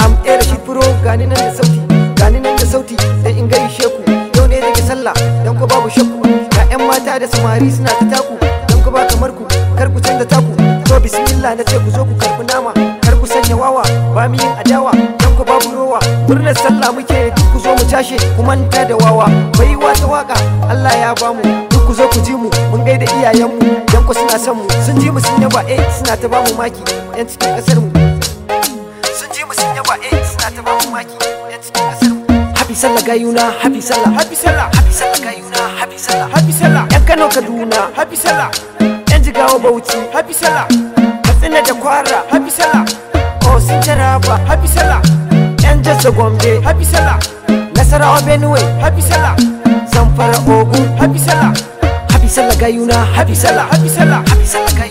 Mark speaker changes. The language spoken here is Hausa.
Speaker 1: am era shi furo gani nan da sauti gani nan da sauti da in gaishe ku yau ne ke sallah dan ku babu shakku ga yan mata da samari suna ta taku dan ku ba kamar ku kar ku canza taku to bismillah na ce ku zo ku karbi nama kar ku sanya wawa ba mu yin adawa dan ku babu rowa murnar sallah muke ku zo mu tashi ku manta da wawa baiwa ta waka Allah ya bamu duk ku zo ku ji mu mun gaida iyayenmu dan ku suna son mu sun ji mu sun yaba eh suna ta bamu maki yan cikin kasar mu yawa eh suna ta bamu maki yan cikin kasar mu happy sallah gayuna happy sallah happy sallah happy sallah gayuna happy sallah happy sallah yan Kano Kaduna happy sallah yan Jigawa Bauchi happy sallah Katsina da Kwara happy sallah Osun Taraba happy sallah yan Jassa Gombe happy sallah Nasarawa Benue happy sallah Zamfara Ogun happy sallah happy sallah gayuna happy sallah happy sallah
Speaker 2: happy sallah